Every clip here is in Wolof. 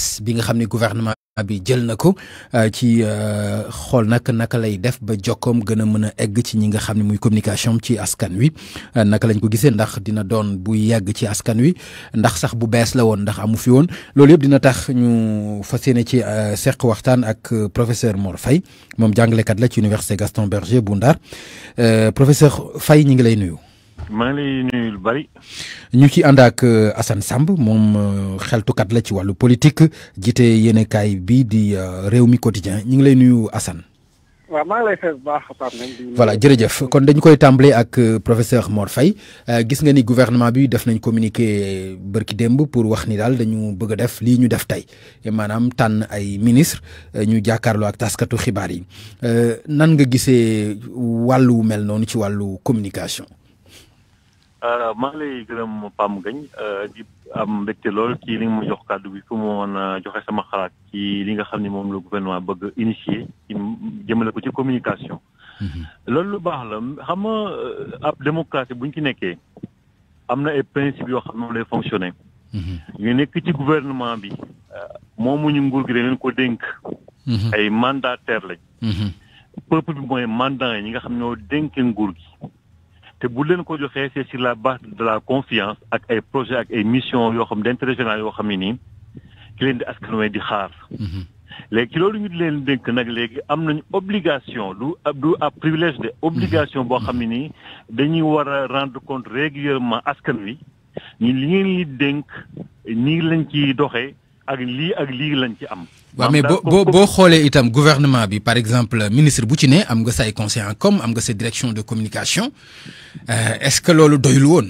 gouvernement bi nga que gouvernement bi jël na euh, ci euh, lay def ba a egg communication ci askan euh, lañ ko ndax dina doon bu la ndax amu fi loolu ak professeur Mor Faye université Gaston Berger professeur Faye ñi ngi lay maa ngi lay nuyu lu bari. ñu ci ànd ak euh, Assane Samb moom euh, xeltukat la ci wàllu politique jiite yéenekaay bi di euh, réew mi quotidien ñu ngi lay nuyu Assane. waaw jërëjëf kon dañu koy tàmbalee ak professeur Mor Faye gis nga ni gouvernement bi def nañ communiqué bërki démb pour wax ni daal dañu bëgg a def lii ñu def tey maanaam tànn ay ministre ñu jàkkaarloo ak taskatu xibaar yi nan nga gisee wàllu mel noonu ci wàllu communication. Euh, maa ngi lay gërëm Pam Gagne euh, di am mbégte lool ci li nga ma jox kàddu bi fu mu woon joxe sama xalaat ci li nga xam ne moom la gouvernement bëgg initier ci jëmale ko ci communication. Mm-hmm. loolu lu baax la xam nga euh, ab démocratie buñ ci nekkee am na ay principes yoo xam ne lay fonctionner. Mm-hmm. ñu nekk ci gouvernement bi. moomuñu nguur gi dañ ko dénk. Mm-hmm. ay mandataire lañ. peuple bi mooy mandat yi nga xam ñoo dénk nguur gi te bu leen ko joxee c'est sur la base de la confiance ak ay projet ak ay mission yoo xam d'intérêt général yoo xam ni nii ki leen di askan wi di xaar mhm. léegi ci loolu ñu di leen dénk nag léegi am nañu obligation du du ab privilège de obligation boo xam ni dañuy war a rendre compte régulièrement askan wi ñu li ngeen li dénk nii lañ ci doxee ak lii ak lii lañ ci am waaw mais bo, bo, boo itam gouvernement bi par exemple ministre bu ci ne am nga say conseil en com am nga sa direction de communication euh, est-ce que loolu doyul woon.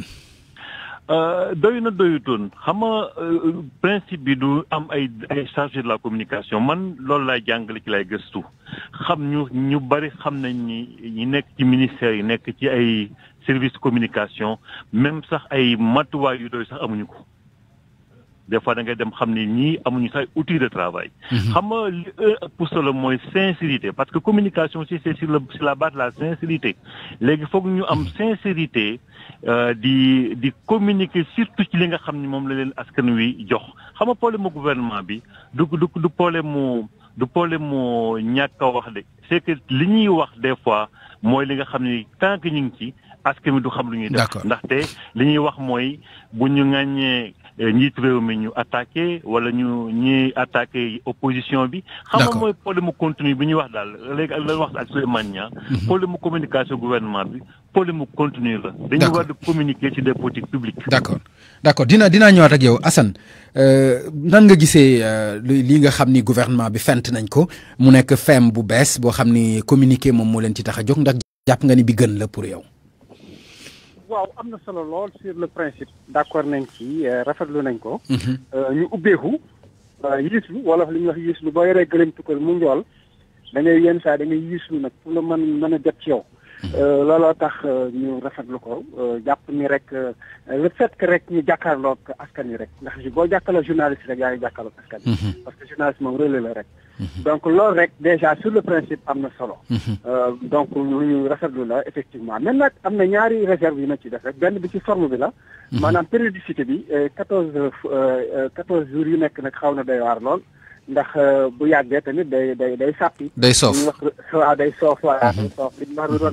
Euh, doy na doyutoon xam nga euh, principe bi du am ay ay chargé de la communication man loolu la jàngale ci lay gëstu xam ñu ñu bari xam nañ ni ñi nek ci ministère yi nek ci ay service communication même sax ay matuwaay yu doy sax amuñu ko des fois da ngay dem xamni ni amuñu say outil de travail. Mhm. xam nga li ak pousse le moy sincérité parce que communication si c'est sur la sur la base de la sincérité légui foog ñu am mhm. sincérité euh, di di communiquer surtout ci li nga xamni mom la leen askan wi jox. xam nga problème gouvernement bi du du du problème du problème ñaka wax de c'est que li ñuy wax des fois moy li nga xamni ne tant que ñu ngi ci askan mi du xam lu ñuy def. ndaxte li ñuy wax moy bu ñu ŋàññee. Eh, ni réew mi ñu attaqué wala ñu ñi attaqué opposition bi. xam nga mooy problème contenu bi ñuy wax daal léegi ak la wax ak Souleymane ah. mhm. communication gouvernement bi problème mu contenu la. dañu war di communiquer ci des politiques publiques. d' accord d' accord dina dinaa ñëwaat ak yow Assane euh, nan nga gisee euh, li nga xam ni gouvernement bi fent nañ ko mu nekk fem bu bees boo xam ni communiqué moom moo leen ci tax ndax jàpp nga ni bi gën la pour yow. waaw am na solo lool sur le principe d'accord nañ ci euh, rafetlu nañ ko mhm. euh, ñu ubbeeku euh, yiislu wala li ñuy wax yiislu boo yoree gëlañ tukkal mu njool da ngay yenn saa da ngay yiislu nag pour la man mën a jot ci yow mhm. looloo tax ñu rafetlu ko jàpp ni rek le fait que rek ñu jàkkaarloog askan yi rek ndax boo jàkkaarloo journaliste rek yaa ngi jàkkaarloog askan mhm. parce que journaliste moom relais la rek Mhm. donc loolu rek déjà sur le principe am solo. Mhm. Euh, donc ñu effectivement même ñaari réserve yu ci def bi ci forme bi la. Mhm. périodicité bi euh, euh, jours yu nekk nag xaw ndax bu tamit day day day day day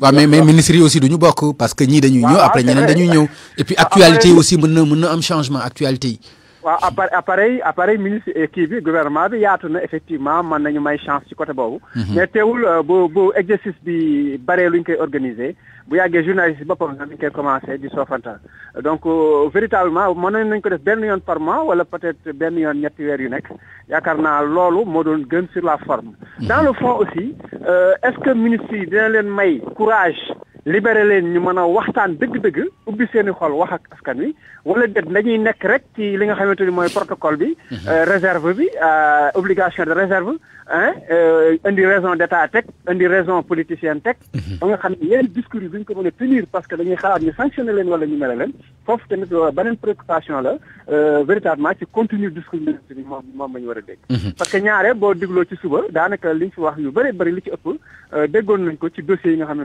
da ngay mais mais aussi duñu parce que ñii dañuy ñëw après ñeneen et puis actualité aussi mën na changement actualité waaw appareil appareil ministre kii bi gouvernement bi yaatu na effectivement mën nañu may chance ci côté boobu. Mhm. mais teewul euh, bu bu exercice bi baree luñ koy organiser bu yàggee journaliste bi boppam na ñu koy commencé di soofantal donc euh, véritablement mën nañ ko def benn yoon par mois wala peut-être benn yoon ñetti weer yu nekk yaakaar naa loolu moo doon gën sur la forme. Mhm. dans le fond aussi euh, est-ce que ministre yi dina leen may courage. libéré leen ñu mën a waxtaan dëgg-dëgg ubbi seeni i xol wax ak askan wi wala déet dañuy nekk rek ci li nga xamante ni mooy protocole bi. Mhm. Euh, réserve bi euh, obligation de réserve. Euh, indi raison d'état teg indi raison politicienne teg. Mhm. ba nga xam ne yeneen discours yi duñ ko mën a tenir parce que dañuy xalaat ñu sanctionné leen wala ñu mel leen foofu tamit beneen préoccupation la véritablement ci continue discours moom moom la ñu war a dégg. Mhm. parce que ñaare boo dégloo ci suba daanaka wax yu bëri bëri li ci ëpp nañ ko ci dossiers yi nga xam ne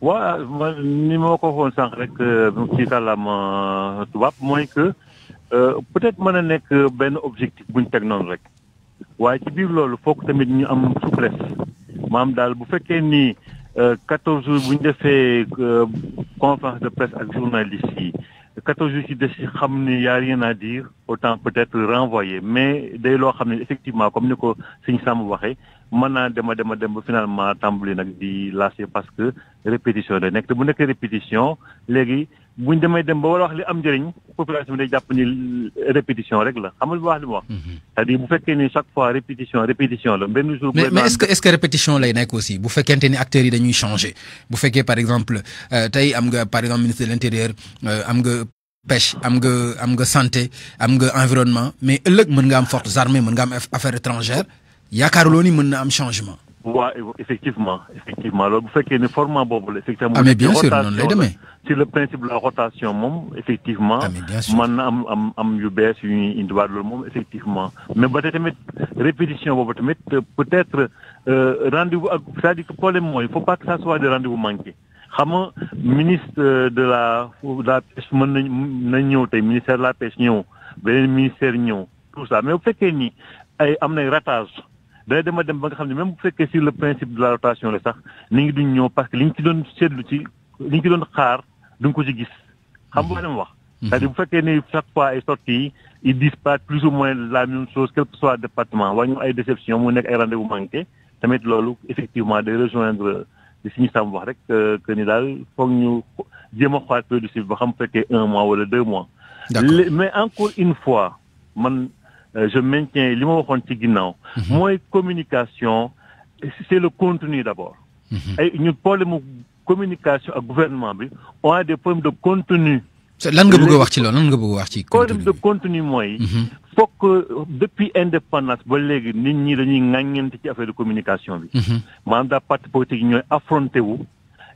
Wa, ni mwen kofon san krek ki kalam tubap, mwen ke, petet mwen ane ke eh, ben objektif bun tek non rek. Wa, ki biv lol, fok temet ni am soukles. Mam dal, bou feke ni 14 eh, jou bun defe konfans de pres ak jounalist si, 14 jou si desi khamni ya riyen a dir, otan petet renvoye. Me, dey lo khamni, efektivman, komne ko sinisam wakhey, mën naa dem a dem a dem ba finalement tàmbali nag di lassé parce que répétition day nekk te bu nekkee répétition léegi buñ demee dem ba war wax li am njëriñ population bi day jàpp ni répétition rek la xam nga wax li mu wax. Mhm. cest bu fekkee ni chaque fois répétition répétition la benn jour. mais mais est-ce que est-ce que répétition lay nekk aussi bu fekkente ni acteurs yi dañuy changer bu fekkee par exemple euh, tey am nga par exemple ministre de l'intérieur euh, am nga. pêche am nga am nga santé am nga environnement mais ëllëg mën nga am forces armée mën nga am affaire étrangère yaakaaruloo ni mën na am changement. Oui, effectivement effectivement Alors loolu bu fekkee ne format boobu la. effectivement ah mais bien sûr noonu lay demee sur le principe de la rotation mon. effectivement ah, man na am am am yu bees yu ñuy indiwaat loolu moom effectivement. mais peut-être tamit répétition boobu tamit peut-être euh, rendez-vous c'est-à-dire que problème mooy il faut pas que ça soit des rendez-vous manqués. xam nga ministre de la de la pêche mën nañ ñëw ministère de la pêche ñëw beneen ministère ñëw tout ça mais vous faites ni ay am nay ratage day dema dem ba nga xam ne même bu fekkee sur le principe de la rotation la sax ni ngi duñ ñëw parce que li ñu ci doon seetlu ci li ñu ci doon xaar duñ ko ci gis xam nga dama mhm. wax mhm. c'est-à-dire bu fekkee ne chaque fois ay sorti ils disparaît plus ou moins la même chose quel que soit département waa ñu ay déception mu nekk ay rendez-vous manqué tamit loolu effectivement day rejoindre li suñu sàmm wax rek que ni daal foog ñu jéem a xoolaat période ba xam fekkee un mois wala deux mois mais encore une fois man euh, je maintiens limo ma ci ginnaw mhm. communication c'est le contenu d'abord. Mhm. Et nous, problème communication ak gouvernement on a des problèmes de contenu. C'est nga bëgg vous wax ci loolu lan nga bëgg wax ci. contenu de contenu moy mhm. fokk depuis indépendance ba légui nit ñi dañuy ŋàññeent ci affaire de communication bi. maanaam daa parti politique ñoy affronté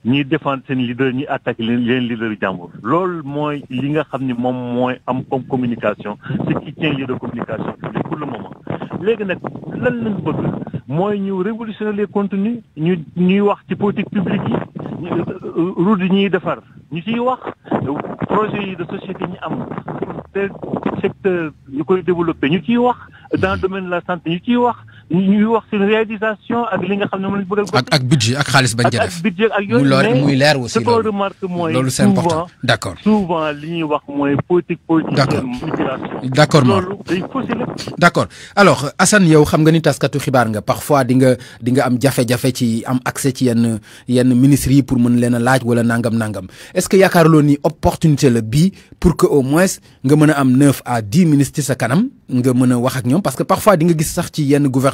ni défendre seen leader ñi attaqué leen leen leader yi jàmbur loolu mooy li nga xam ni moom mooy am comme communication ce qui tient lieu de communication publique pour le moment léegi nag lan lañ bëgg mooy ñu révolutionner les contenus ñu ñuy wax ci politique publique yi euh, route yi ñuy defar ñu ciy wax projet yi de société ñi am secteur ñu koy développer ñu ciy wax dans le domaine de la santé ñu ciy wax ñu wax seen réalisation ak li nga xam ne moom lañ ak ak budget ak xaalis bañ def ak budget ak yooyu. mais muy leer aussi loolu remarque mooy. loolu c'est important d' accord souvent li ñuy wax mooy politique politique. d' accord loolu day d' accord alors Assane yow xam nga ni taskatu xibaar nga parfois di nga di nga am jafe-jafe ci am accès ci yenn yenn ministres yi pour mën leen a laaj wala nangam nangam est ce que yaakaarloo ni opportunité la bii pour que au moins nga mën a am 9 à 10 ministres ci sa kanam nga mën a wax ak ñoom parce que parfois di nga gis sax ci yenn gouvernement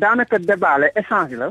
daanaka débat la échange la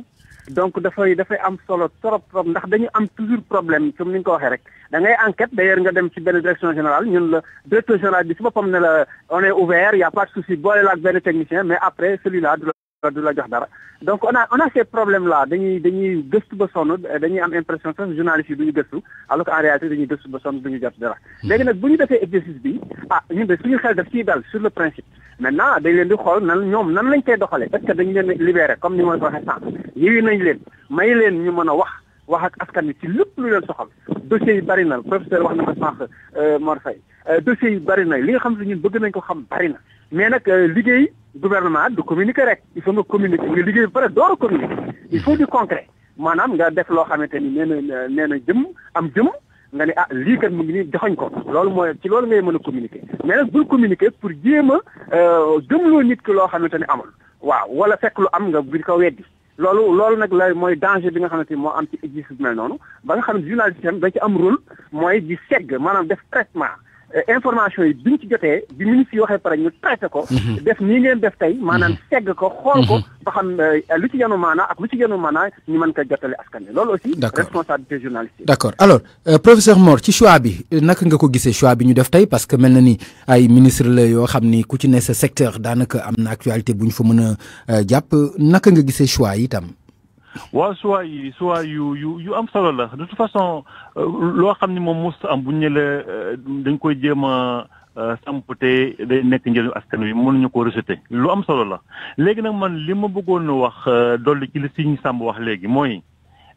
donc dafay dafay am solo trop trop ndax dañu am toujours problème comme ni nga ko waxee rek da ngay enquête d'ailleurs nga dem ci benn direction générale ñun la direction générale bi ci boppam ne la on est ouvert y a pas de souci boole la ak benn technicien mais après celui-là du la du la jox dara donc on a on a ces problèmes là dañuy dañuy gëstu ba sonn dañuy am impression sax journaliste yi du ñu gëstu alors que en réalité dañuy gëstu ba sonn duñu ñu jot dara hmm. léegi nag bu ñu defee exercice bi ah ñun de suñu xel daf ciy dal sur le principe maintenant dañ leen di xool nan ñoom nan lañ koy doxalee parce que dañ leen libéré comme ni ma ko waxee sànq yii nañ leen may leen ñu mën a wax wax ak askan wi ci lépp lu leen soxal dossiers yi bari na professeur wax na ko sànq euh, Mor Faye euh, dossiers yi bari na li nga xam ne ñun bëgg nañ ko xam bari na mais nag euh, liggéey gouvernement du communiquer rek il faut nga communiquer nga liggéey ba pare door a communiquer il faut du concret maanaam nga def loo xamante ni nee na nee na jëm am jëm. nga ne ah lii kat mu ngi nii joxoñ ko loolu mooy ci loolu ngay mën a communiquer mais nag bul communiquer pour jéem a euh, gëmloo nit ki loo xamante ne amul waaw wala fekk lu am nga bi ko weddi loolu loolu nag la mooy danger bi nga xamante ni moo am ci exercice noonu ba nga xam ne journaliste dañ ci am rôle mooy di segg maanaam def traitement Euh, information yi bi ñu ci jotee bi ministre yi waxee pare ñu traité ko. Mhm. def nii ngeen def tey maanaam mhm. segg ko xool ko. Mhm. xam euh, lu ci yanu maanaa ak lu ci yanu maanaa ñu mën ko jotale askan wi loolu aussi. responsabilité journaliste yi. d' accord alors euh, professeur Mor ci choix bi naka nga ko gisee choix bi ñu def tey parce que mel na ni ay ministre la yoo xam ni ku ci ne sa secteur daanaka am na actualité bu ñu fa mën a jàpp naka nga gisee choix itam waaw soit yi soit yu yu yu am solo la de toute façon euh, lo xamni mom moom am bu ñëlé euh, dañ koy jéem a euh, samp day nekk ñëlu askan wi ñu ko rejeter lu am solo la légui nak man li bëggoon wax dolli ci li Serigne Samb wax légui moy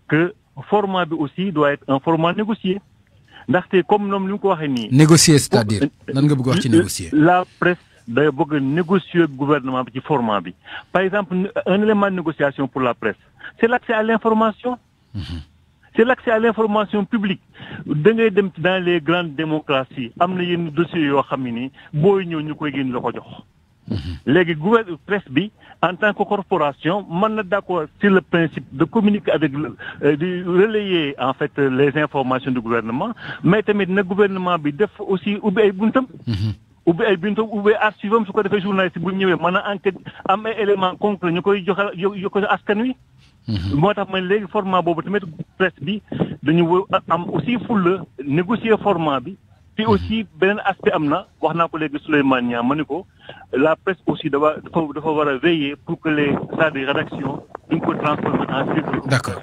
que format bi aussi doit être un format négocié ndaxte comme ñoom li ko waxee ni négocier c'est-à-dire lan nga bëgg wax ci négocier. la presse day bëgg négocier gouvernement qui ci format bi par exemple un élément de négociation pour la presse c'est l'accès à l'information mhm. c'est l'accès à l'information publique dans les grandes démocraties am na dossiers yoo xam presse en tant que corporation mën d'accord sur le principe de communiquer avec euh, de relayer en fait les informations du gouvernement mais tamit na gouvernement bi aussi mhm ubbi eh, ay ubbi journaliste enquête élément concret ñu koy askan format presse aussi négocier format bi mhm. aussi beneen aspect am na ko la presse aussi dafa veiller pour que les salles de rédaction ko transformer en d'accord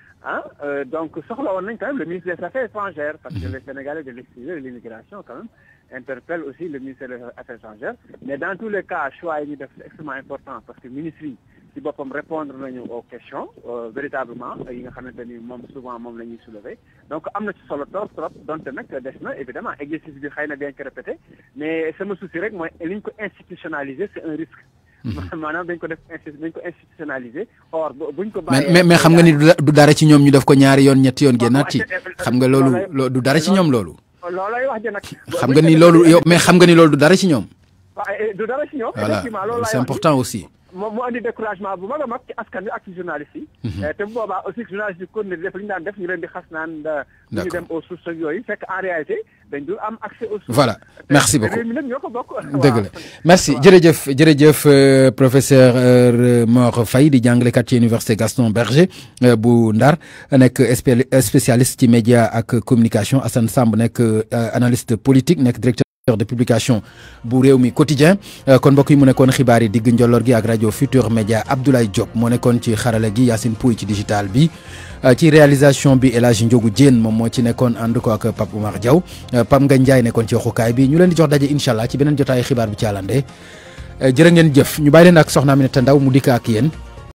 Hein? Euh, donc, sur qu'on a quand même le ministre des Affaires étrangères, parce que mhm. les Sénégalais de l'extérieur de l'immigration, quand même, interpellent aussi le ministère des Affaires étrangères. Mais dans tous les cas, le choix est extrêmement important, parce que le ministre si on me répondre aux questions, euh, véritablement, il y a souvent qui la souvent soulever. Donc, am a ci solo trop trop, donte nag des évidemment, L'exercice du Khaïna bien bien répété, mais je souci rek que li institutionnaliser, c'est un risque. maanaam dañ ko def insti ko institutionnalisé ko mais mais xam nga ni du dara ci ñoom ñu def ko ñaari yoon ñett yoon génnaat ci xam nga loolu loo du dara ci ñoom loolu. loolay wax xam nga ni loolu yow mais xam nga ni loolu du dara ci ñoom. du loolu voilà important aussi. moom moo andi découragement bu mag a mag ci askan bi ak ci journaliste yi. Mhm. Eh, te bu boobaa aussi journaliste yi continuer di def li ñu daan def ñu leen di xas naan. ñu dem aux sources ak yooyu fekk en réalité dañ dul am accès aux sources. voilà merci beaucoup réew mi ñoo ko bokk. dëgg la merci jërëjëf jërëjëf euh, professeur euh, Mor Faye di jàngalekat ci université Gaston Berger euh, bu Ndar nekk spécialiste ci média ak communication Assane Samb nekk analyste politique nekk directeur directeur de publication bu rewmi quotidien euh, kon mbokk mu nekkoon xibaari ak Futur Média Abdoulaye Diop mo nekkoon ci xarala gi yassine Pouy ci digital bi euh, ci réalisation bi El Hadj Ndiogou Diène moom ci nekkoon ànd ko ak Pape Oumar Diaw euh, pam nga Ndiaye nekkoon ci xukay bi ñu leen di jox daje inshallah ci benen xibaar bu ci alandé jëf ñu leen mu ak